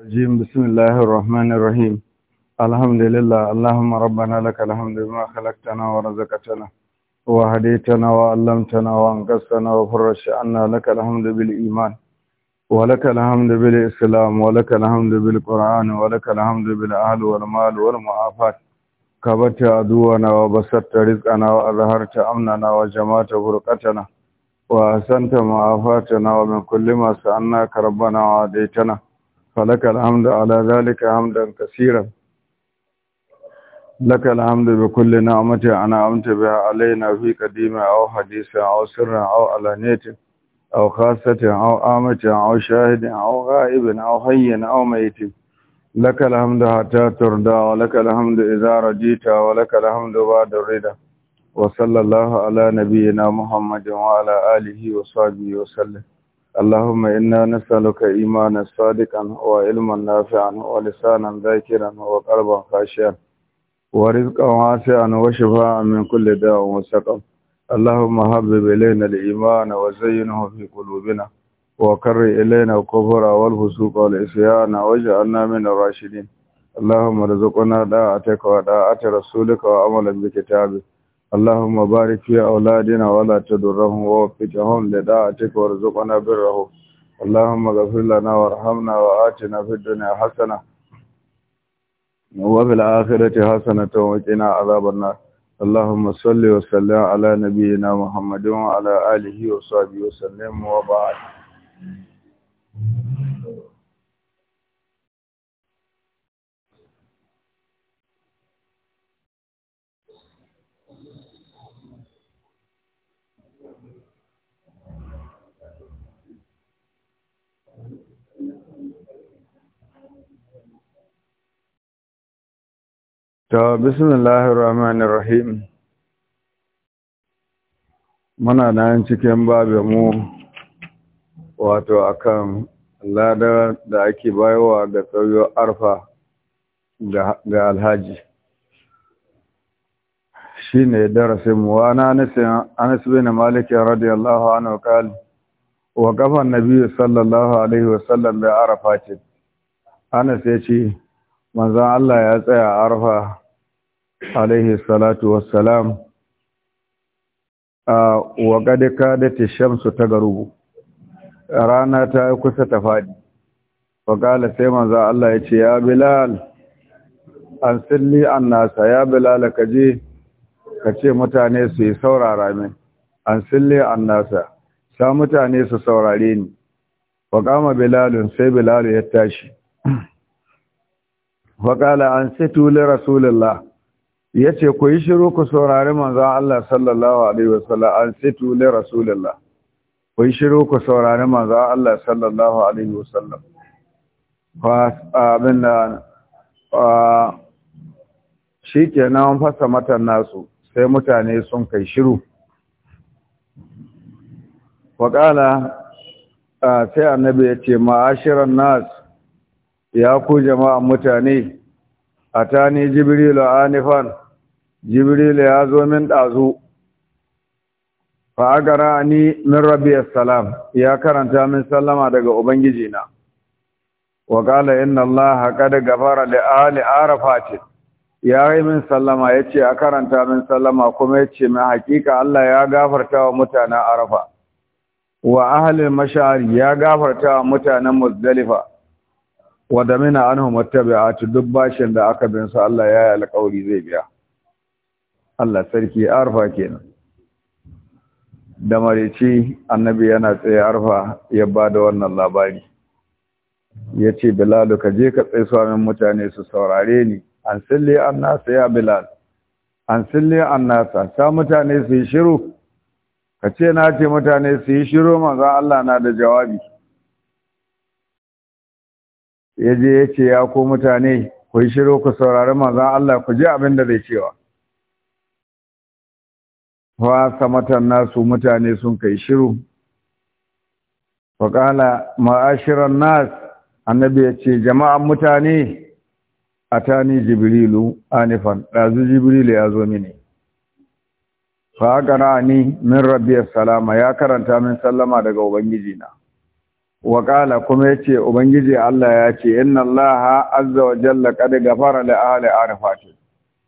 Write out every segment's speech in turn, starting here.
الرجيم بسم الله الرحمن الرحيم الحمد لله اللهم ربنا لك الحمد بما خلقتنا ورزقتنا وهديتنا وعلمتنا وانقذتنا وفرش عنا لك الحمد بالإيمان ولك الحمد بالإسلام ولك الحمد بالقرآن ولك الحمد بالأهل والمال والمعافات كبت عدونا وبسطت رزقنا وأظهرت أمننا وجمعت برقتنا وأحسنت معافاتنا ومن كل ما سألناك ربنا وعديتنا فلك الحمد على ذلك حمدا كثيرا لك الحمد بكل نعمة أنعمت بها علينا في قديمة أو حديثة أو سر أو علانية أو خاصة أو آمة أو شاهد أو غائب أو حي أو ميت لك الحمد حتى ترضى ولك الحمد إذا رجيت ولك الحمد بعد الرضا وصلى الله على نبينا محمد وعلى آله وصحبه وسلم اللهم إنا نسألك إيمانا صادقا وعلما نافعا ولسانا ذاكرا وقلبا خاشيا ورزقا واسعا وشفاء من كل داء وسقم اللهم حبب إلينا الإيمان وزينه في قلوبنا وكر إلينا الكفر والفسوق والإسيان واجعلنا من الراشدين اللهم رزقنا داعتك وطاعة رسولك وعملا بكتابك اللهم بارك في أولادنا ولا تدرهم ووفقهم لداعتك وارزقنا بره اللهم غفر لنا وارحمنا وآتنا في الدنيا حسنة وفي الآخرة حسنة وقنا عذاب النار اللهم صل وسلم على نبينا محمد وعلى آله وصحبه وسلم وبعد Ta bismillahir rahmanir rahim muna nan cikin babu mu wato akan lada da ake bayarwa da tsayo arfa ga alhaji shine darasin mu ana Anas bin Malik radiyallahu anhu kal wa qafa nabi sallallahu alaihi wa sallam bi arafat Anas ce, manzon Allah ya tsaya arfa alaihi salatu wassalam a wagadika da tishamsu ta garubu rana ta kusa ta faɗi faƙala sai manza Allah ya ce ya bilal an silli an nasa ya bilal kaje. ka ce mutane su yi saurara min an silli an nasa sa mutane su saurare ni faƙama bilalun sai bilal ya tashi faƙala an situ li rasulullah ya ce ku yi shiru ku saurari manzan Allah sallallahu Alaihi wasallam an situ ne Rasulullah ku yi shiru ku saurari manzan Allah sallallahu Alaihi wasallam ba abin da shi ke nan fasa matan nasu sai mutane sun kai shiru waƙala sai annabi ya ce ma'ashirar nas ya ku jama'an mutane a ta ne jibrilu anifan jibril ya zo min ɗazu fa agara ni min rabbiyas salam ya karanta min sallama daga ubangiji na wa qala inna allaha qad ghafara li ali arafat ya yi min sallama yace a karanta min sallama kuma yace mai hakika Allah ya gafarta wa mutanen arafa wa ahlil mashar ya gafarta wa mutanen muzdalifa wa damina anhum wattabi'at duk bashin da aka bin su Allah ya yi alƙawari zai biya Allah sarki arfa kenan da marici annabi yana tsaye arfa ya ba da wannan labari ya ce bilalu ka je ka tsaye min mutane su saurare ni an sille an nasa ya bilal an sille an nasa sa mutane su yi shiru ka ce na ce mutane su yi shiru manzan Allah na da jawabi ya je ya ce ya ku mutane ku yi shiru ku saurari manzan Allah ku ji abin da zai cewa fa matan nasu mutane sun kai shiru fa qala ma'ashiran nas annabi ce jama'an mutane atani jibrilu anifan ɗazu jibrilu ya zo mini fa qara'ani min rabbi salama ya karanta min sallama daga ubangiji na wa kuma yace ubangiji Allah ya ce inna allaha azza wa jalla kad gafara li ahli arfa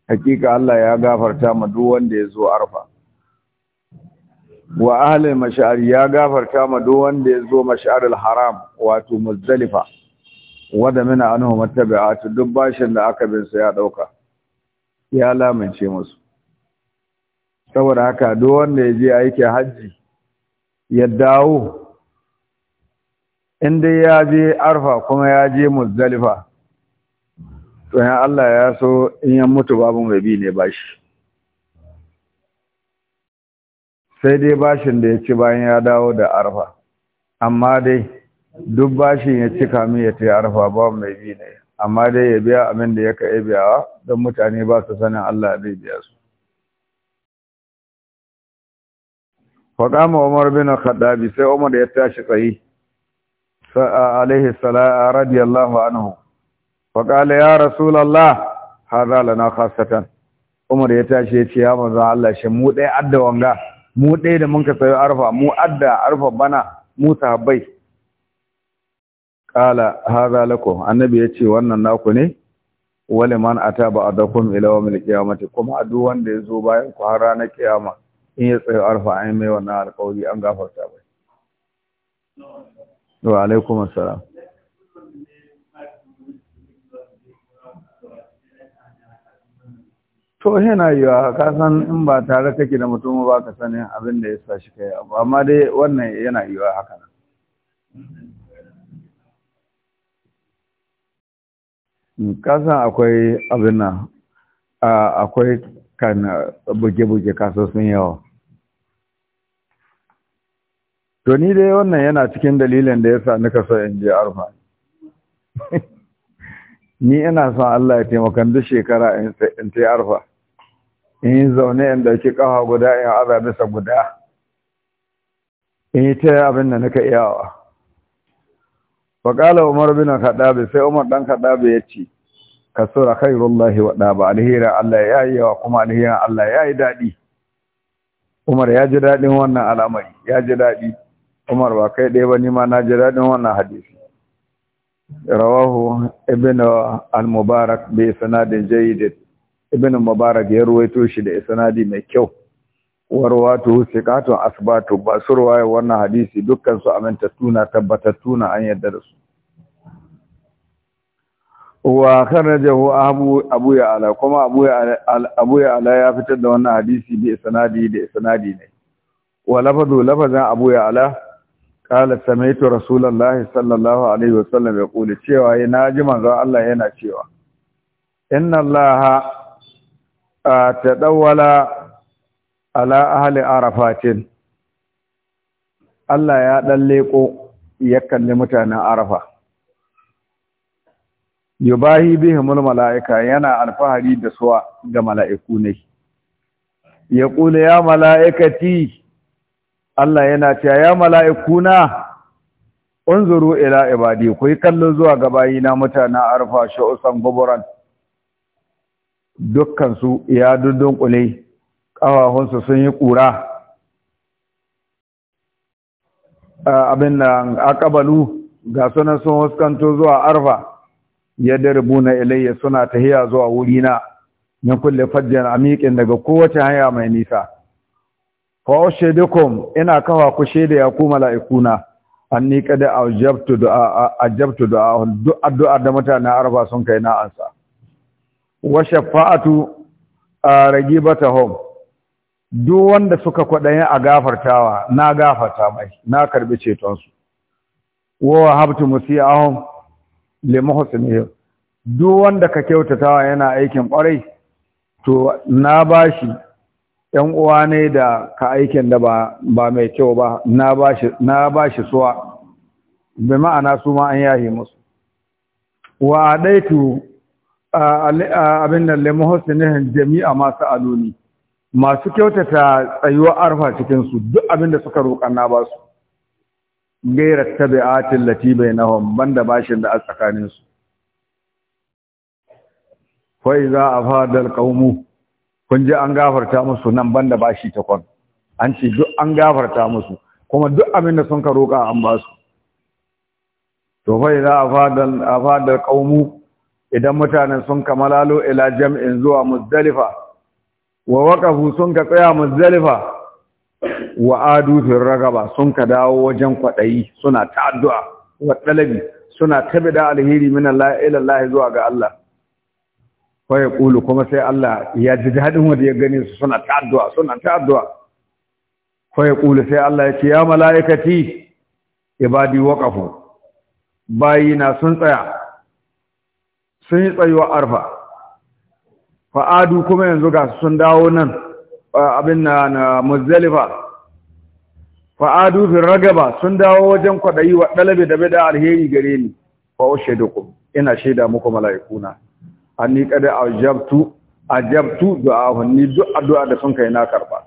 hakika Allah ya gafarta ma duk wanda ya zo arfa wa ahlil mashari ya gafarta ma duk wanda ya zo masharar haram wato muzdalifa wada mina anhu mattabi'atu duk bashin da aka bin ya dauka ya lamince musu saboda haka duk wanda ya je aiki hajji ya dawo inda ya je arfa kuma ya je muzdalifa to Allah ya so in ya mutu babu mai bi ne bashi sai dai bashin da ya ci bayan ya dawo da arfa amma dai duk bashin ya ci kamin ya ta arfa ba mai bi ne amma dai ya biya abin da ya ka biyawa don mutane ba su sanin Allah zai biya su faƙama umar bin khaddabi sai umar ya tashi tsayi alaihi sala'a radiyallahu anhu faƙala ya rasulallah haza lana khasatan umar ya tashi ya ce ya manzo Allah shi mu ɗaya adda wanga mu ɗaya da mun ka sayo arfa mu adda arfa bana mu sahabbai qala hadha lakum annabi yace wannan naku ne wale man ata ba'dakum ila yawmil qiyamati kuma adu wanda ya zo bayan ku har ranar kiyama in ya tsaya arfa an mai wannan alƙawari an gafarta bai wa alaikum assalam to yana yiwa ka san in ba tare kake da mutum ba ka sanin abin da ya sa shi kai abu amma dai wannan yana yiwa haka nan kasan akwai abin nan akwai kan buge-buge kasan sun yawa to ni dai wannan yana cikin dalilin da ya sa nika so in je arfa ni ina son Allah ya taimakon duk shekara in ta arfa in yi zaune in ɗauki ƙafa guda in aza bisa guda in yi ta abin da nuka iyawa faƙala umar bin kaɗabe sai umar dan kaɗabe ya ce ka kai khairullahi wa ɗaba alhira allah ya yi yawa kuma alhira allah ya yi daɗi umar ya ji daɗin wannan al'amari ya ji daɗi umar ba kai ɗaya ba nima na ji daɗin wannan hadisi rawahu ibn al-mubarak bi sanadin jayyid ibn mubarak ya ruwaito shi da isnadi mai kyau warwatu thiqatun asbatu ba surwaye wannan hadisi dukkan su amintattuna tabbatattuna an yadda da su wa kharajahu abu abu ya ala kuma abu ya abu ya ala ya fitar da wannan hadisi bi isnadi da isnadi ne wa lafadu lafazan abu ya ala qala samaitu rasulullahi sallallahu alaihi wasallam yaqulu cewa yana ji manzo Allah yana cewa inna allaha ta ala ahli arafatin Allah ya dan leko ya kalli mutanen arafa yubahi bihimul mala'ika yana alfahari da suwa ga mala'iku ne ya kula ya mala'ikati Allah yana cewa ya mala'ikuna unzuru ila ibadi ku yi kallo zuwa ga bayina mutanen arafa, sha'usan guburan dukkansu ya ƙule ƙafafunsu sun yi ƙura abin da ƙabalu ga sunan sun huskanto zuwa arfa yadda rubuna ilayya suna ta tahiya zuwa wurina min kulle fajjan amikin daga kowace hanya mai nisa fa ushidukum ina kawa ku shaida ya ku laikuna An ni ajabtu a jabtu du'a duk addu'a da mutanen arba sun kai na wa shafa'atu ragibatuhum duk wanda suka kwadaye a gafartawa na gafarta mai na karbi ceton su wa wahabtu musiahum limuhsinihim duk wanda ka kyautatawa yana aikin kwarai to na bashi yan uwa ne da ka aikin da ba mai kyau ba na bashi na suwa bi ma'ana su ma an yahi musu wa adaitu abin nan limuhsinin jami'a masu aloni masu kyautata tsayuwar arfa cikin su duk abin da suka roƙa na ba su gaira tabi'atin latibai nahum banda bashin da a tsakaninsu. su fa iza afada alqawmu kun ji an gafarta musu nan banda bashi takwan an ce duk an gafarta musu kuma duk abin da sun ka roƙa an ba su to fa iza afada afada alqawmu idan mutanen sun kamalalo ila jam'in zuwa muzdalifa wa waqafu sun ka tsaya muzdalifa wa adu fil ragaba sun ka dawo wajen kwadayi suna ta addu'a wa talabi suna tabida alheri min Allah ila Allah zuwa ga Allah fa yaqulu kuma sai Allah ya ji dadin wanda ya gane su suna ta addu'a suna ta addu'a fa yaqulu sai Allah ya ce ya malaikati ibadi waqafu bayina sun tsaya sun yi tsayuwa arfa fa'adu kuma yanzu ga sun dawo nan abin na na muzalifa fa'adu fi ragaba sun dawo wajen kwaɗayi wa ɗalabe da bada alheri gare ni fa ushe ku ina shaida muku mala'ikuna anni kada ajabtu ajabtu du'ahu ni duk addu'a da sun kai na karba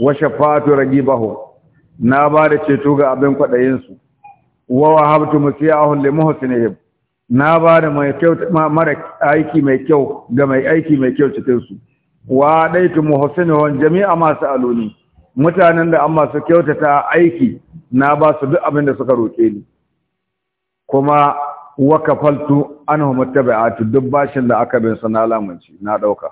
wa shafatu ragibahu na ba da ceto ga abin kwaɗayinsu wa wahabtu musiyahu li na ba da mai kyau mara aiki mai kyau ga mai aiki mai kyau cikin su wa daitu wa jami'a ma sa'aluni mutanen da amma su kyautata aiki na ba su duk abin da suka roke ni kuma wa kafaltu anhum tabi'atu duk bashin da aka bin na lamunci na dauka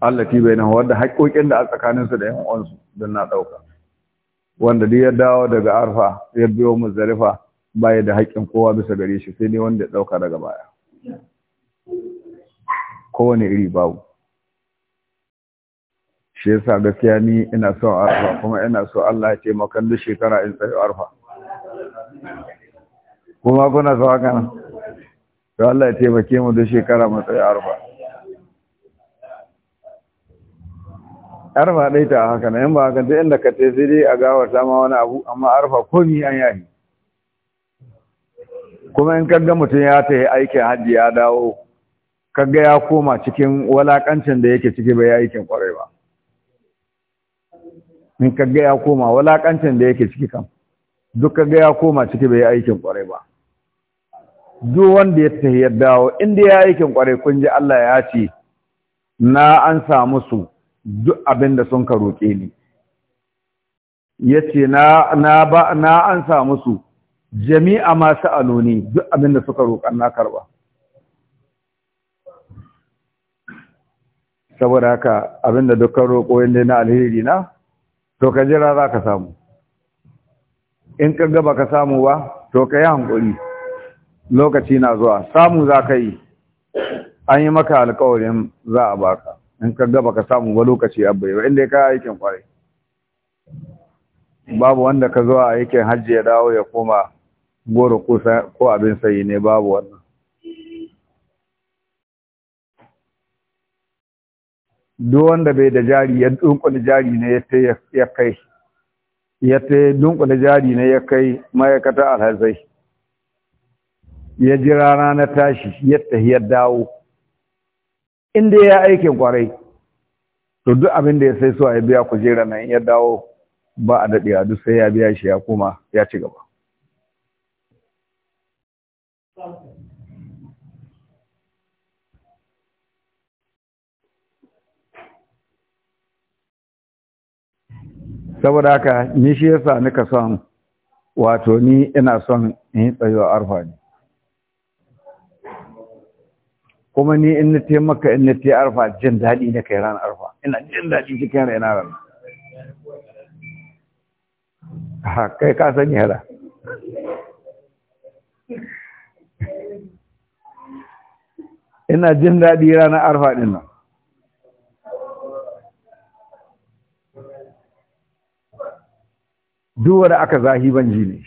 allati bainahu wanda haƙoƙin da a tsakaninsu da yan uwansu don na dauka wanda duk ya dawo daga arfa ya biyo muzdalifa baya da haƙƙin kowa bisa gare shi sai dai wanda ya ɗauka daga baya kowane iri babu shi yasa gaskiya ni ina son arfa kuma ina so Allah ya taimaka duk shekara in tsaye arfa kuma kuna so haka nan to Allah ya taimake mu duk shekara mu tsaye arfa arfa dai ta haka nan in ba haka duk inda ka tsaye sai dai a gawar ta ma wani abu amma arfa komi an yayi kuma in kaga mutum ya ta yi aikin hajji ya dawo kaga ya koma cikin walakancin da yake ciki bai aikin kwarai ba in kaga ya koma walakancin da yake ciki kan duk kaga ya koma ciki bai aikin kwarai ba duk wanda ya tafi ya dawo inda ya aikin kwarai kun ji Allah ya ce na an samu su duk abin da sun ka roƙe ni ya ce na an samu su jami'a ma sa'aluni duk abin da suka roƙan na karba saboda haka abin da dukkan roƙo yadda na alheri na to ka jira za ka samu in ka gaba ka samu ba to ka yi hankuri lokaci na zuwa samu za ka yi an yi maka alkawarin za a baka in ka gaba ka samu ba lokaci abai ba inda ya kaya aikin kwarai babu wanda ka zuwa aikin hajji ya dawo ya koma goro kusa ko abin sayi ne babu wannan duk wanda bai da jari ya dunkule jari ne ya kai ya ta dunkule jari ne ya kai ma'aikata alhazai ya ji rana na tashi yadda ya dawo inda ya aikin kwarai to duk abin da ya sai so a biya kujera nan ya dawo ba a daɗe a duk sai ya biya shi ya koma ya ci gaba saboda haka ni shi yasa nika son wato ni ina son in yi tsayo arfa ne kuma ni in nite maka in nite arfa jin daɗi na kai ran arfa ina jin daɗi cikin rai na ran ha kai ka sani hada ina jin daɗi ranar arfa ɗin nan duwa da aka zahi ban ji ne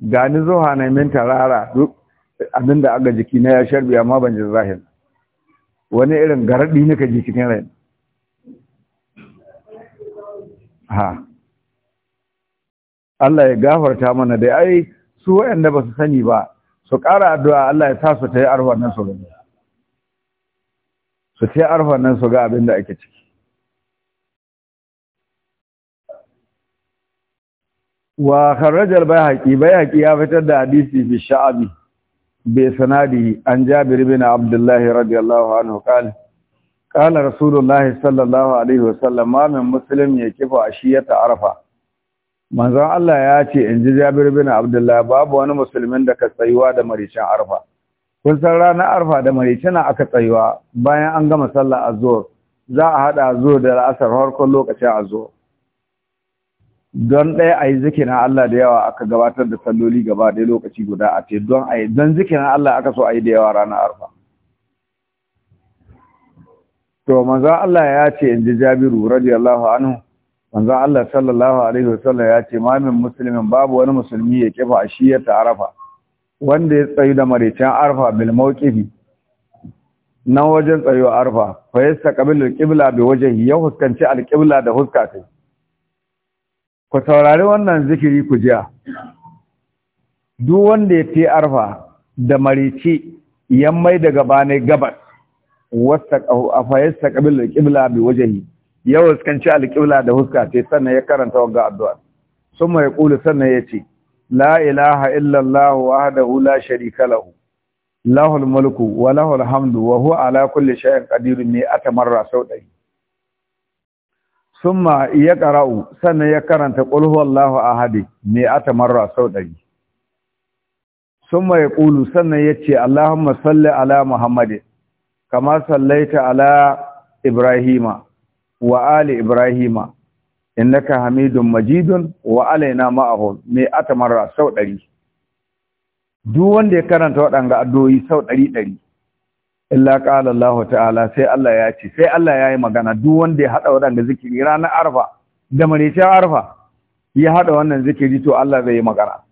gani zuwa na min tarara duk abinda aga jiki na ya sharbi amma ban ji zahin wani irin garaɗi nika ji cikin rai ha Allah ya gafarta mana dai, ai su waɗanda ba su sani ba su ƙara addu'a Allah ya sa su ta yi arhuwan nan su gani su ta yi arhuwan nan su ga abin da ake ciki wa kharrajar bai haƙi ya fitar da hadisi bi sha'abi bi sanadi an jabir ibn abdullah radiyallahu anhu qala qala rasulullahi sallallahu alaihi wasallam ma min muslim yakifu ta arfa. manzon Allah ya ce in ji Jabir bin Abdullah babu wani musulmin da ka tsayuwa da maricin arfa kun san ranar arfa da maricina aka tsayuwa bayan an gama sallar azhar za a hada azhar da la'asar harkon lokacin azhar don ɗaya ayi zikina Allah da yawa aka gabatar da salloli gaba ɗaya lokaci guda a ce don a don Allah aka so ayi da yawa ranar arfa to manzon Allah ya ce in ji Jabiru radiyallahu anhu manzon Allah sallallahu alaihi wasallam ya ce mamin musulmin babu wani musulmi ya kifa a shiyar ta arafa wanda ya tsayu da maraicin arafa bil mawqifi na wajen tsayo arafa fa yastaqbilu al-qibla bi wajhi ya huskanci al-qibla da huska ta ku saurari wannan zikiri ku jiya duk wanda ya fi arafa da marici yammai daga bane gabas wasta afa yastaqbilu al-qibla bi wajhi ya fuskanci alƙibla da huska ce sannan ya karanta wagga addu'a sun mai ƙulu sannan ya ce la ilaha illallah haɗa hula sharika lahu lahul mulku wa lahul hamdu wa hu ala kulle sha’in qadir ne tamarra sau ɗari summa ya ƙara’u sannan ya karanta qul a haɗe ne a tamarra sau ɗari summa mai ƙulu sannan ya ce Allahumma salli ala Muhammadin kamar sallaita ala Ibrahima wa ali ibrahima innaka hamidun majidun wa alaina ma'ahu mai atamarra sau ɗari duk wanda ya karanta waɗanga addu'o'i sau ɗari ɗari illa qala Allah ta'ala sai Allah ya ce sai Allah ya yi magana duk wanda ya haɗa waɗanga zikiri ranar arfa da marishin arfa ya haɗa wannan zikiri to Allah zai yi magana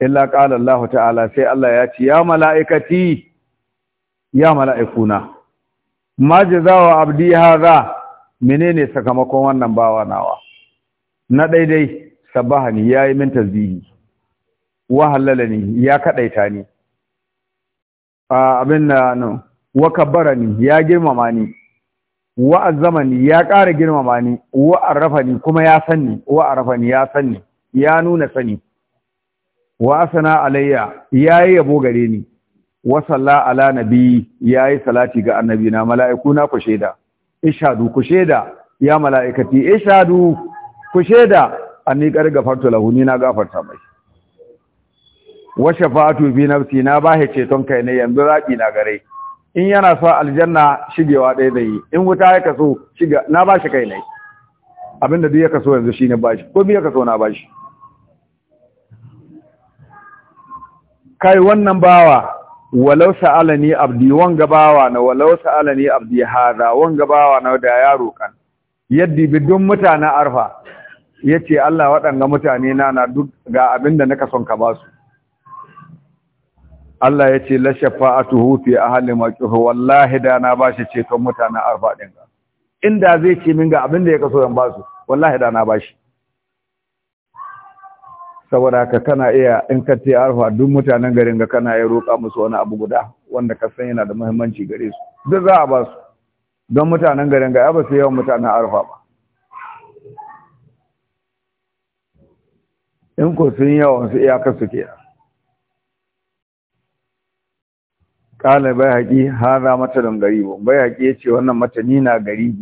illa qala Allah ta'ala sai Allah ya ce ya mala'ikati ya mala'ikuna ma jazaa'u abdi hadha menene sakamakon wannan bawa nawa na daidai sabahani ya yi min tasbihi wa halalani ya kadaita ni abin da no wa kabbarani ya girmama ni wa azzamani ya ƙara girmama ni wa arrafani kuma ya sanni wa arrafani ya sanni ya nuna sani wa asana alayya yayi yabo gare ni wa salla ala nabi yi salati ga annabi na mala'iku na ku sheda ishadu ku sheda ya mala'ikati ishadu ku sheda anni kar gafarta lahu ni na gafarta mai wa shafa'atu bi nafsi na bahe ceton kai ne yanzu zaki na gare in yana so aljanna shigewa ɗaya da yi in wuta ya kaso shiga na bashi kai ne abinda duk ya kaso yanzu shine bashi ko ya kaso na bashi kai wannan bawa walau ni abdi wanga bawa na walau ni abdi hada wanga bawa na da yaro kan yaddi bidun mutanen arfa yace Allah wadanga mutane na na duk ga abinda naka son ka basu Allah yace la shafa'atuhu fi ahli maqihu wallahi da na bashi to mutanen arfa din inda zai ce min ga abinda yake so zan basu wallahi da na bashi saboda haka kana iya in ka ce alfa duk mutanen garin ga kana iya roƙa musu wani abu guda wanda ka san yana da muhimmanci gare su duk za a ba su don mutanen garin ga ya ba su yawan mutanen alfa ba in ko sun yawan su iyaka su ke kala bai haƙi haza gari ba bai haƙi ya ce wannan matani na gari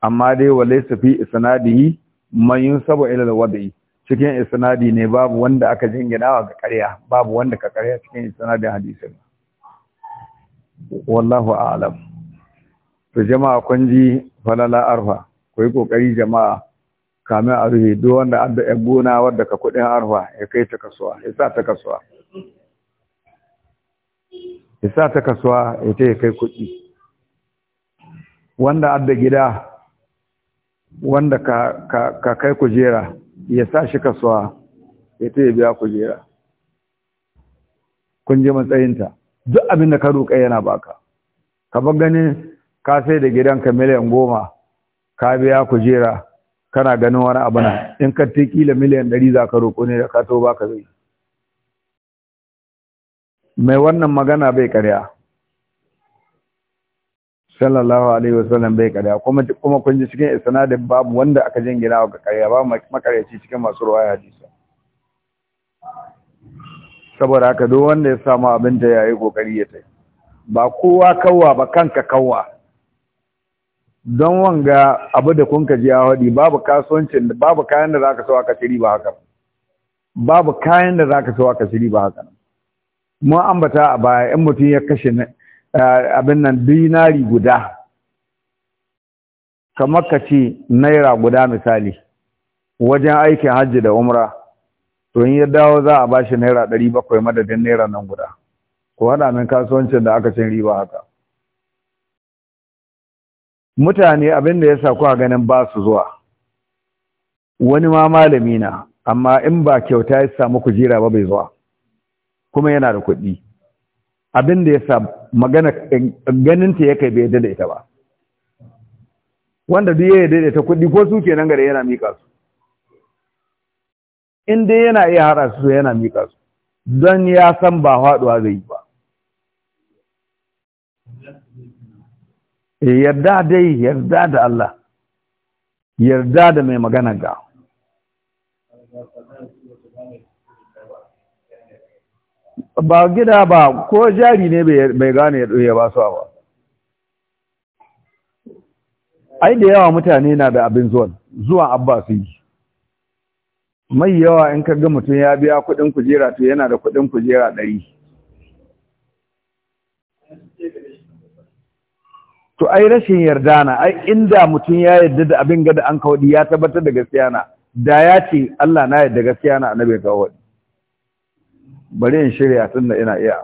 amma dai wale su fi isnadihi man yunsabu ilal alwadi cikin isnadi ne babu wanda aka wa ga ƙarya babu wanda ka ƙarya cikin isnadin hadisin wallahu a'lam to jama'a kun ji falala arfa ku yi kokari jama'a kamin a rufe duk wanda an da yan gona wadda ka kuɗin arfa ya kai ta kasuwa ya sa ta kasuwa ya sa ta kasuwa ya ta kai kuɗi wanda da gida wanda ka, ka kai kujera ya sa shi kasuwa ya ta biya kujera kun je matsayinta duk abin da ka roƙa yana baka ka bar ganin ka sai da gidanka miliyan goma ka biya kujera kana ganin wani abu na in ka ta kila miliyan ɗari za ka roƙo ne da ka to ka zai mai wannan magana bai karya sallallahu alaihi wasallam bai kada kuma kuma kun ji cikin isnadin babu wanda aka jingina ga kariya ba makaryaci cikin masu ruwaya hadisi saboda haka duk wanda ya samu abin da yayi kokari ya tai ba kowa kawwa ba kanka kawwa don wanga abu da kun kaji a hadi babu kasuwancin babu kayan da zaka so aka shiri ba haka babu kayan da zaka so aka shiri ba haka mun ambata a baya in mutum ya kashe abin nan dinari guda kamar ka ce naira guda misali wajen aikin hajji da umra to in ya dawo za a bashi naira ɗari bakwai madadin naira nan guda ko haɗa min kasuwancin da aka cin riba haka mutane abin da ya sa kuwa ganin ba su zuwa wani ma malami na amma in ba kyauta ya samu kujera ba bai zuwa kuma yana da kuɗi abin da ya sa magana ganinta ya kai bai yadda da ita ba wanda duk ya da kuɗi ko su kenan gare yana miƙa su in dai yana iya hara su yana miƙa su don ya san ba haɗuwa zai yi ba eh, yarda dai yarda da Allah yarda da mai magana ga ba gida ba ko jari ne bai gane ya ba su ba ai da yawa mutane na da abin zuwa zuwa abba su yi mai yawa in ka ga mutum ya biya kudin kujera to yana da kudin kujera ɗari to ai rashin yarda na ai inda mutum ya yarda da abin gada an kawadi ya tabbatar da gaskiya na da ya ce Allah na yarda gaskiya na annabi kawai bari in shirya tun da ina iya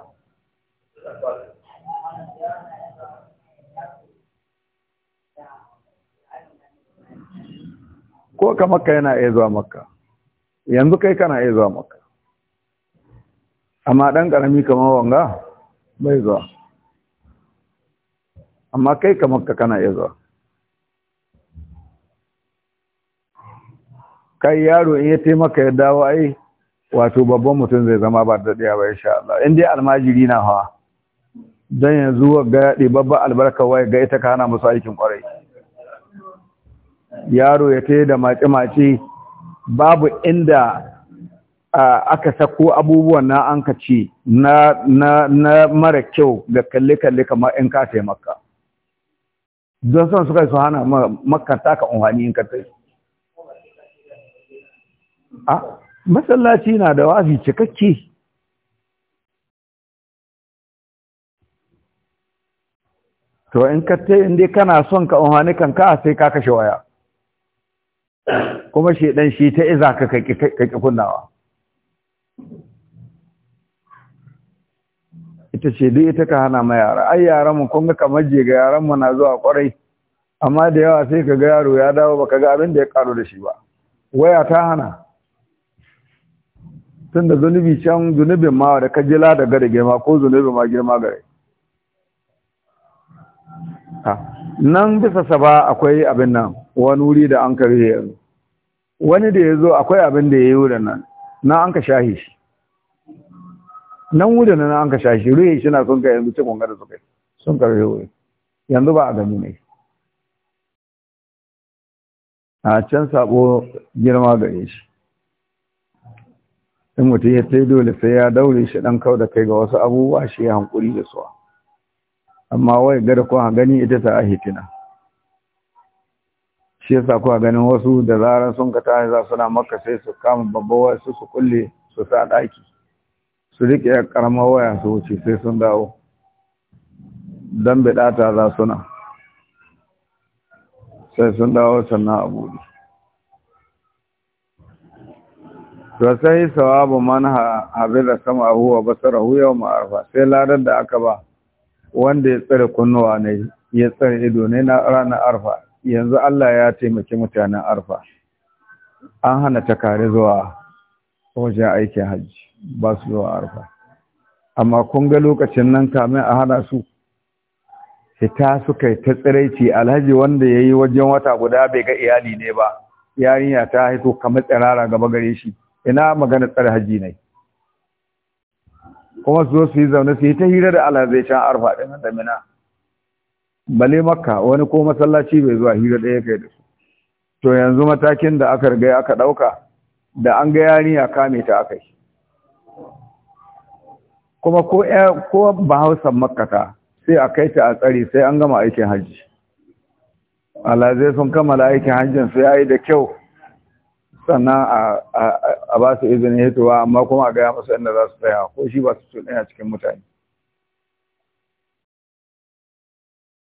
ko ka makka yana iya zuwa makka yanzu kai kana iya zuwa makka amma ɗan ƙarami kamar wanga bai zuwa amma kai ka makka kana iya zuwa kai yaro in ya taimaka ya dawo ai wato babban mutum zai zama ba da daya ba insha Allah in dai almajiri na hawa dan yanzu ga babban albarka wai ga ita kana musu aikin kwarai yaro ya tayi da mace mace babu inda aka sako abubuwan na an kace na na na mara kyau ga kalle kalle kamar in ka sai makka don son suka su hana makka taka unhani in ka tayi ah? masallaci na da wafi cikakke to in ka ta inda kana son ka unhani ka sai ka kashe waya kuma shedan shi ta iza ka kai kunnawa ita ce duk ita ka hana ma yara ai yaran mu kun ga kamar je ga yaran mu na zuwa kwarai amma da yawa sai ka ga yaro ya dawo baka ga abin da ya karo da shi ba waya ta hana tun da zunubi can zunubin ma da kajila da gada girma ko zunubin ma girma gare nan bisa saba akwai abin nan wani wuri da an karye yanzu wani da ya zo akwai abin da ya yi wurin nan na an ka shahi shi nan wurin nan an ka shahi ruhi shi na sun ka yanzu cikin gada su kai sun karye wurin yanzu ba a gani ne a can sabo girma gare shi in mutum ya tai dole sai ya daure shi dan kau da kai ga wasu abubuwa shi ya hankuri da su amma wai gada a gani ita ta ahitina shi yasa kuwa ganin wasu da zarar sun ka tashi za su na maka sai su kama babba waya su su kulle su sa daki su riƙe karamar waya su wuce sai sun dawo dan bidata za suna sai sun dawo sannan a to sawabu man habira sama huwa hu yawma arfa sai ladan da aka ba wanda ya tsare kunnuwa ne ya tsare ido ne na ranar arfa yanzu Allah ya taimaki mutanen arfa an hana takare zuwa wajen aikin hajji ba su zuwa arfa amma kun ga lokacin nan kamin a hana su fita suka ta tsiraici alhaji wanda ya yi wajen wata guda bai ga iyali ne ba yarinya ta haifo kamar tsirara gaba gare shi ina magana tsare haji ne kuma su su yi zaune su yi ta hira da Allah zai arfa din da mina bale makka wani ko masallaci bai zuwa hira ɗaya kai da su to yanzu matakin da aka riga aka ɗauka da an ga a kame ta aka yi kuma ko ko bahausan makka ta sai a kai ta a tsari sai an gama aikin hajji alazai sun kammala aikin hajjin su yayi da kyau sannan a ba su izini hitowa amma kuma a gaya masu inda za su tsaya ko shi ba su cuɗanya cikin mutane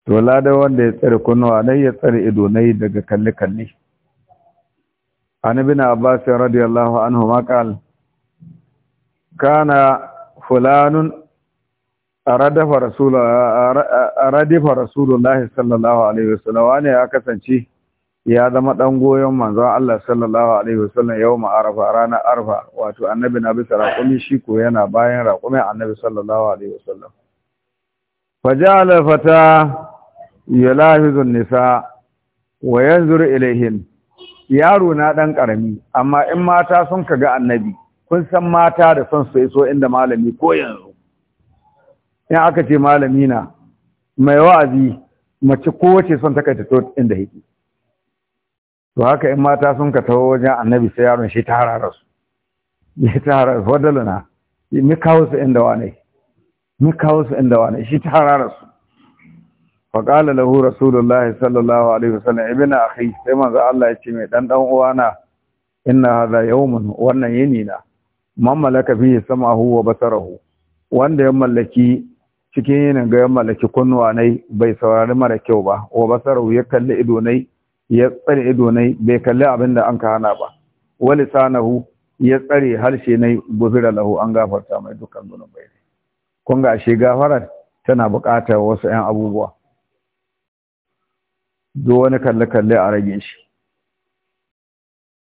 to lada wanda ya tsare kunnuwa nai ya tsare ido nai daga kalle kalle an na abbas radiyallahu anhu maƙal. kana fulanun a radifa aradafa rasulullahi sallallahu alaihi lawa ne ya kasance ya zama ɗan goyon manzo Allah sallallahu alaihi wasallam yawma arafa ranar arfa wato annabi na bisa raƙumi shi ko yana bayan raƙumin annabi sallallahu alaihi wasallam faja'ala fata yulahizu nisa wa yanzur ilaihin yaro na dan karami amma in mata sun kaga annabi kun san mata da son su iso inda malami ko yanzu in aka ce malami na mai wa'azi mace ko wace son takaita to inda yake to haka in mata sun ka taho wajen annabi sai yaron shi ta harara su ya ta harara su wadda mi kawo su inda wane mi kawo su inda wane shi ta harara su faƙala lahu rasulullahi sallallahu alaihi wasallam ibn akhi sai manzo Allah ya ce mai dan dan uwana inna hadha yawmun wannan yini na man malaka fihi samahu wa basarahu wanda ya mallaki cikin yinin ga ya mallaki kunnuwa nai bai saurari mara kyau ba wa basarahu ya kalli ido nai ya tsare ido nai bai kalli abin da an ka hana ba wa lisanahu ya tsare harshe nai guzira lahu an gafarta mai dukkan ne kun ga ashe gafarar tana buƙatar wasu 'yan abubuwa do wani kalle-kalle a rage shi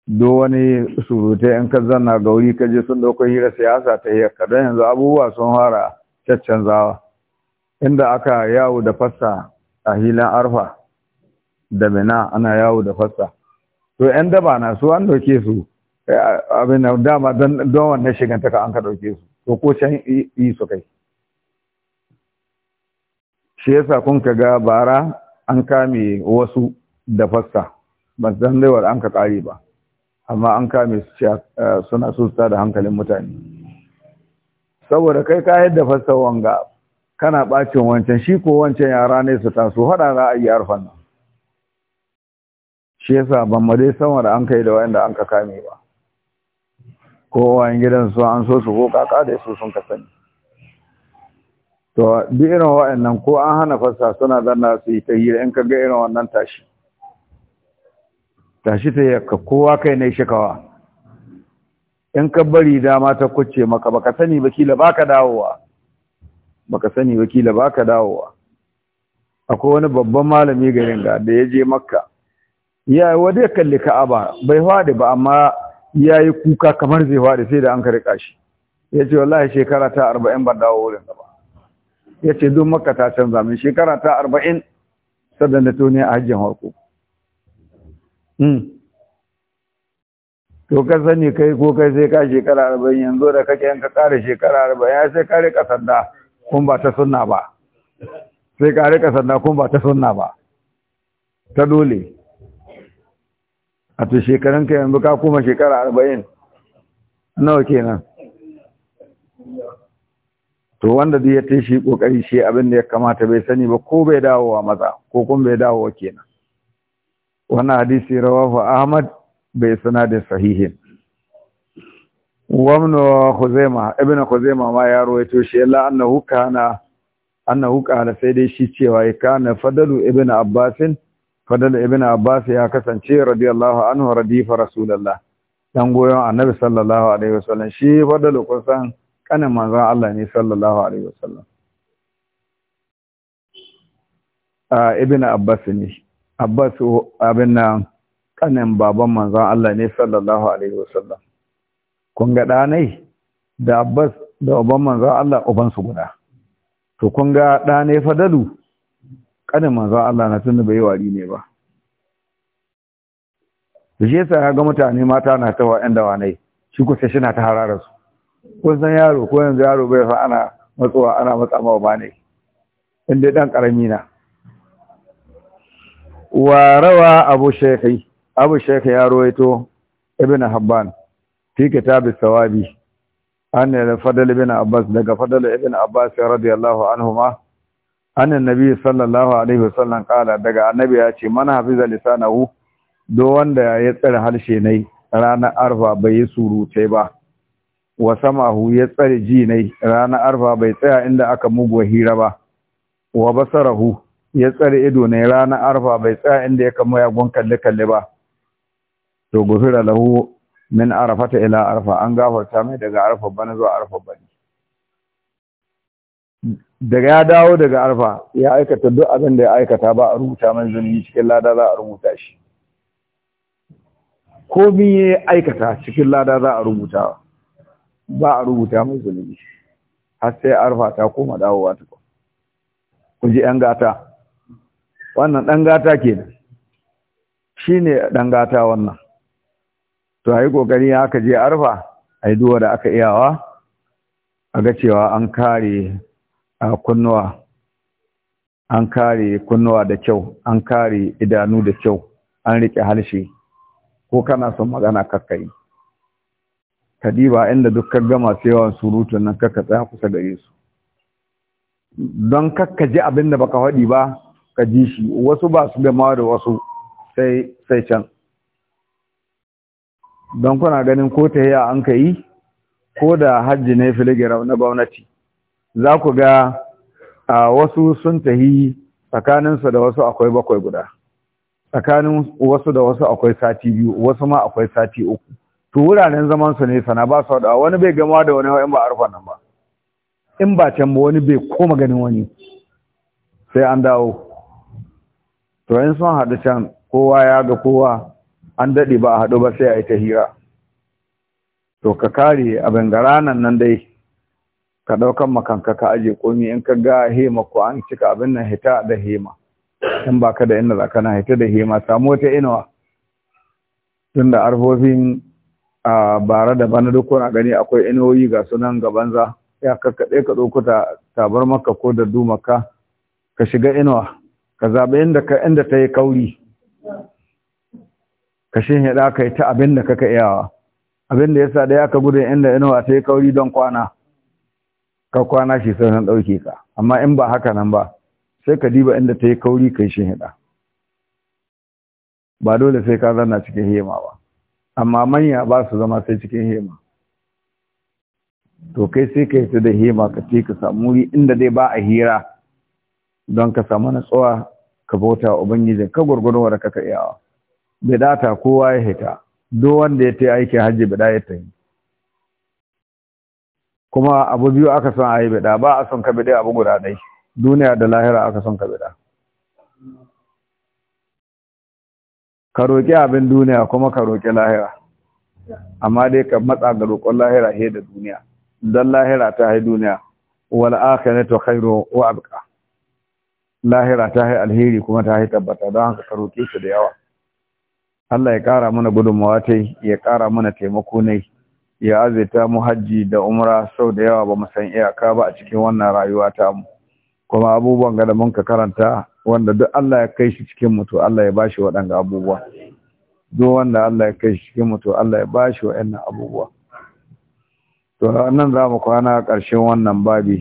do wani surutai in ka zanna ga ka je sun ɗaukar hira siyasa ta yi ka don yanzu abubuwa sun fara caccanzawa inda aka yawo da fassa a hilin arfa da mina ana yawo da fassa to yan daba na su an dauke su eh, abin da dama don wannan shigantaka an ka dauke su to ko can yi su kai shi yasa kun ka ga bara an kame wasu da fassa ba san daiwar an ka kare ba amma an kame su eh, suna su da hankalin mutane saboda kai ka yadda fasa wanga kana ɓacin wancan shi ko wancan yara ne su taso haɗa za a yi arfan nan shi yasa ban ma dai san wanda an kai da wanda an ka kame ba kowa wayan gidan su an so su ko kaka da su sun ka sani to duk irin wa'annan ko an hana fassa suna zanna su yi ta hira in ka ga irin wannan tashi tashi ta yakka kowa kai ne shikawa in ka bari dama ta kucce maka baka sani ba kila baka dawowa baka sani wakila baka dawowa akwai wani babban malami garin ga da ya je makka ya wadda ya kalli ka'aba bai faɗi ba amma ya yi kuka kamar zai faɗi sai da an ka ƙashi. shi ya ce wallahi shekara ta arba'in ba dawo wurin ba ya ce don maka ta canza min shekara ta arba'in Sadan da tuni a hajjin harko hmm. to ka sani kai ko kai sai ka shekara arba'in yanzu da kake yanka kare shekara arba'in ya sai ka riƙa sanda kun ba ta sunna ba sai ka riƙa sanda kun ba ta sunna ba ta dole a to ka yanzu ka kuma shekara arba'in nawa kenan to wanda duk ya tashi kokari shi abin da ya kamata bai sani ba ko bai dawowa maza ko kuma bai dawowa kenan wannan hadisi rawahu ahmad bai da sahihin ibnu khuzaima ma ya rawaito shi شيء annahu kana annahu qala sai dai shi cewa ya kana fadalu ibnu abbasin fadal ibn abbas ya kasance radiyallahu anhu radifa rasulullah dan goyon annabi sallallahu alaihi wasallam shi fadal kusan kanin manzon Allah ne sallallahu alaihi wasallam a ibn abbas ne abbas abin nan kanin baban manzon Allah ne sallallahu alaihi wasallam kun ga danai da abbas da baban manzon Allah ubansu guda to kun ga danai fadalu kanin manzon Allah na tunda bai wari ne ba da shi yasa ga mutane mata na ta wa'yan da wanai shi kusa shi na ta harara su Ko san yaro ko yanzu yaro bai fa ana matsowa ana matsa ma ba ne inda dan karami na wa rawa abu shaykhi abu shaykhi ya rawaito ibn habban fi kitabis sawabi an al-fadl ibn abbas daga fadl ibn abbas radiyallahu anhu ma. annan nabi sallallahu alaihi wasallam kala daga annabi ya ce man hafiza lisanahu do wanda ya tsare harshe ne ranar arfa bai yi surutai ba wa samahu ya tsare ji ne ranar arfa bai tsaya inda aka mugu hira ba wa basarahu ya tsare ido ne ranar arfa bai tsaya inda ya kama yagon kalle kalle ba to gufira lahu min arafata ila arfa an gafarta mai daga arfa bana zuwa arfa bani daga ya dawo daga arfa ya aikata duk abin da ya aikata ba a rubuta mai zunubi cikin lada za a rubuta shi ko min ya aikata cikin lada za a rubuta ba a rubuta mai zunubi har sai arfa ta koma dawowa ta ku ji yan gata wannan ɗan gata ke shi ne ɗan gata wannan to a yi kokari aka je arfa yi duwa da aka iyawa a ga cewa an kare a kunnuwa an kare kunnuwa da kyau an kare idanu da kyau an riƙe harshe ko kana son magana kakkai kadiba inda dukkan gama yawan surutu nan kakka tsaya kusa gare su don kakka ji abin da baka faɗi ba ka ji shi wasu ba su gama da wasu sai can don kuna ganin ko ta an ka yi ko da hajji ne filigira na gwamnati za ku ga a wasu sun tahi tsakaninsu da wasu akwai bakwai guda tsakanin wasu da wasu akwai sati biyu wasu ma akwai sati uku to wuraren zaman su ne sana ba su da wani bai gama da wani in ba arfa nan ba in ba can ba wani bai koma ganin wani sai an dawo to in sun haɗu can kowa ya ga kowa an daɗe ba a haɗu ba sai a yi ta hira to ka kare abin garanan nan dai ka ɗaukan makanka ka aje komi in ka ga hema ko an cika abin nan hita da hema in ba ka da inda za ka na hita da hema samu wata inawa. tun da arhofin a bara da bana duk kuna gani akwai inawoyi ga sunan gaban za ya kakkaɗe ka ɗauko tabar maka ko da dumaka ka shiga inawa ka zaɓi inda ka inda ta yi kauri ka shinhiɗa ka yi ta abin da kaka iyawa abin da ya sa ɗaya ka gudun inda inawa ta yi kauri don kwana ka kwana shi sai san ɗauke ka amma in ba haka nan ba sai ka diba inda ta yi kauri kai shi hida ba dole sai ka zanna cikin hema ba amma manya ba su zama sai cikin hema to kai sai ka yi da hema ka ce ka samu wuri inda dai ba a hira don ka samu natsuwa ka bauta ubangiji ka gurgurun ka kaka iyawa bidata kowa ya hita duk wanda ya ta aiki hajji bida ya ta kuma abu biyu aka son a yi bida ba a son ka bida abu guda ɗai duniya da lahira aka son ka bida ka roƙi abin duniya kuma ka roƙi lahira amma dai ka matsa ga roƙon lahira he da duniya don lahira ta hai duniya wal to khairu wa abqa lahira ta hai alheri kuma ta hai tabbata don haka ka roƙe shi da yawa Allah ya ƙara mana gudunmawa ta ya ƙara mana taimako nai. ya azeta mu hajji da umra sau da yawa ba mu san iyaka ba a cikin wannan rayuwa ta mu kuma abubuwan ga da mun ka karanta wanda duk Allah ya kai shi cikin to Allah ya bashi waɗanga abubuwa duk wanda Allah ya kai shi cikin to Allah ya bashi waɗannan abubuwa to nan za mu kwana a ƙarshen wannan babi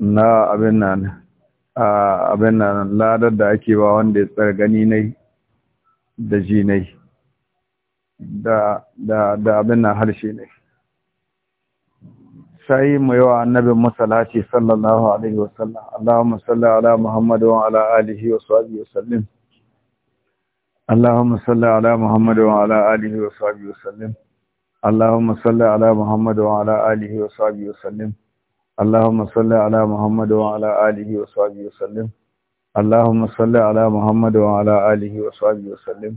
na abin nan abin nan ladar da ake ba wanda ya tsargani nai da ji da da da abin nan harshe ne sai mu yi wa annabin masalaci sallallahu alaihi wasallam Allahumma salli ala Muhammad wa ala alihi wa sahbihi wasallim Allahumma salli ala Muhammad wa ala alihi wa sahbihi wasallim Allahumma salli ala Muhammad wa ala alihi wa sahbihi wasallim Allahumma salli ala Muhammad wa ala alihi wa sahbihi wasallim Allahumma salli ala Muhammad wa ala alihi wa sahbihi wasallim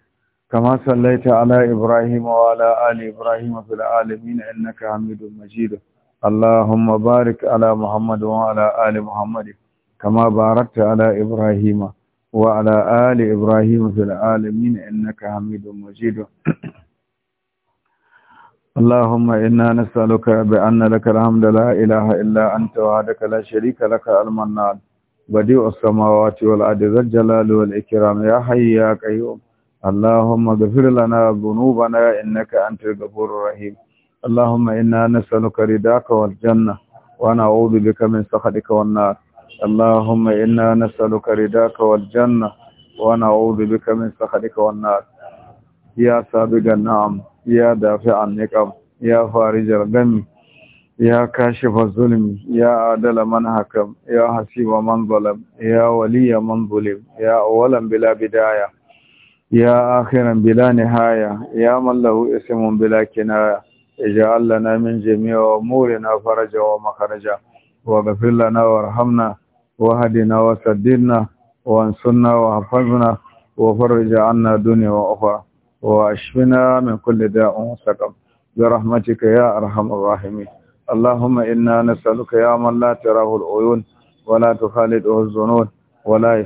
كما صليت على إبراهيم وعلى آل إبراهيم في العالمين إنك حميد مجيد اللهم بارك على محمد وعلى آل محمد كما باركت على إبراهيم وعلى آل إبراهيم في العالمين إنك حميد مجيد اللهم إنا نسألك بأن لك الحمد لا إله إلا أنت وحدك لا شريك لك المنان بديع السماوات والأرض ذا الجلال والإكرام يا حي يا قيوم Allahumma ghafir lana dhunubana innaka antal ghafurur rahim Allahumma inna nas'aluka ridaka wal janna wa na'udhu bika min sakhatika wan nar Allahumma inna nas'aluka ridaka wal janna wa na'udhu bika min sakhatika wan nar Ya sabiqan na'am ya dafi'an niqam ya farijal gham ya kashifaz zulm ya adala man hakam ya hasiba man zalam ya waliya man zulim ya awalan bila bidayah ya akhiran bila nihaya ya mallahu ismun bila kinaya ija allana min jami'a umurina faraja wa makharaja wa ghafir lana warhamna wa hadina wa saddidna wa ansurna wa hafizna wa farij 'anna dunya wa ukhra wa ashfina min kulli da'in saqam bi rahmatika ya arhamar rahimin allahumma inna nas'aluka ya man la tarahu al-uyun wa la tukhalidu az-zunun wa la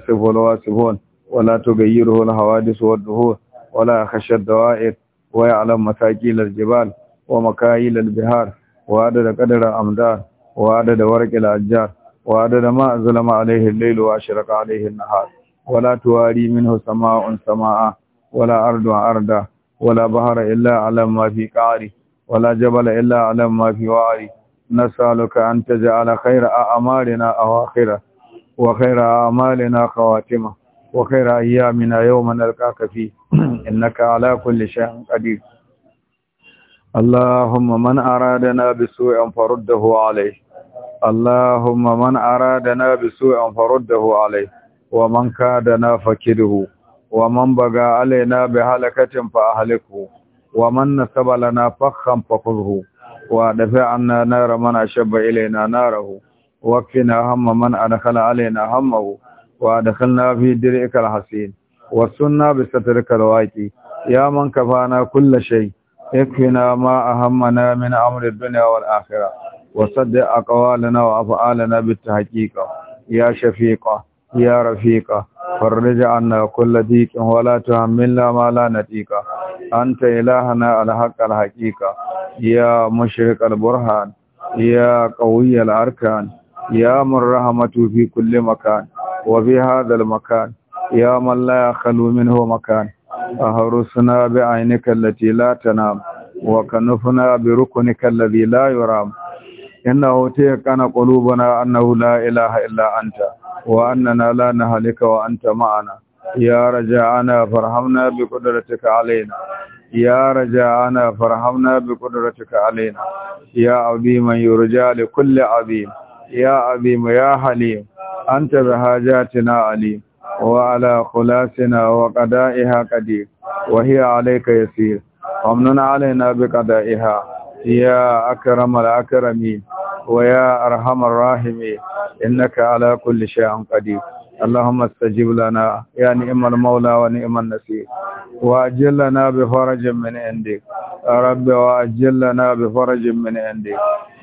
ولا تغيره الحوادث والدهور ولا خش الدوائر ويعلم مساكيل الجبال ومكايل البحار وعدد قدر الأمدار وعدد ورق الأجار وعدد ما ظلم عليه الليل وأشرق عليه النهار ولا تواري منه سماء سماء ولا أرض أرضا ولا بحر إلا على ما في قعري ولا جبل إلا على ما في وعري نسألك أن تجعل خير أعمالنا أواخرة وخير أعمالنا خواتمه وخير أيامنا يوم نلقاك فيه إنك على كل شيء قدير اللهم من أرادنا بسوء فرده عليه اللهم من أرادنا بسوء فرده عليه ومن كادنا فكده ومن بغى علينا بهلكة فأهلكه ومن نسب لنا فخا فخذه ودفع عنا نار من أشب إلينا ناره وكنا هم من أدخل علينا همه wa dakhalna fi dir'ikal hasin wa sunna bi satrikal waqi ya man kafana kull shay ikfina ma ahammana min amri dunya wal akhirah wa saddi aqwalana wa af'alana bit tahqiqa ya shafiqa ya rafiqa فرج عنا كل ضيق ولا تحملنا ما لا نطيق أنت إلهنا الحق الحقيقة يا مشرق البرهان يا قوي الأركان يا من رحمته في كل مكان وفي هذا المكان يا من لا يخلو منه مكان أهرسنا بعينك التي لا تنام وكنفنا بركنك الذي لا يرام إنه تيقن قلوبنا أنه لا إله إلا أنت وأننا لا نهلك وأنت معنا يا رجاءنا فارحمنا بقدرتك علينا يا رجاءنا فارحمنا بقدرتك علينا يا عظيما يرجى لكل عظيم يا عظيم يا حليم أنت بهاجاتنا عليم وعلى خلاصنا وقدائها قدير وهي عليك يسير ومنن علينا بقدائها يا أكرم الأكرمين ويا أرحم الراحمين إنك على كل شيء قدير اللهم استجب لنا يا نعم المولى ونعم النصير واجل لنا بفرج من عندك يا رب واجل لنا بفرج من عندك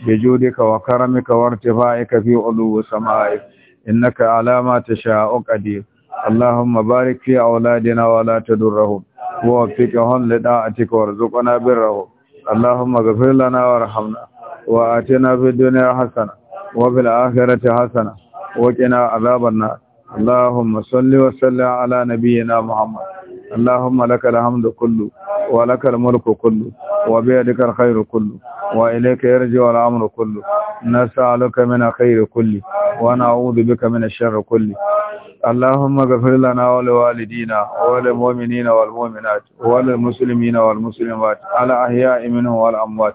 بجودك وكرمك وارتفاعك في علو سمائك انك على ما تشاء قدير اللهم بارك في اولادنا ولا تضرهم ووفقهم لطاعتك وارزقنا برهم اللهم اغفر لنا وارحمنا واتنا في الدنيا حسنه وفي الاخره حسنه وقنا عذاب النار اللهم صل وسلم على نبينا محمد اللهم لك الحمد كله ولك الملك كله وبيدك الخير كله وإليك يرجع الأمر كله نسألك من خير كله ونعوذ بك من الشر كله اللهم اغفر لنا ولوالدينا وللمؤمنين والمؤمنات وللمسلمين والمسلمات على أحياء منهم والأموات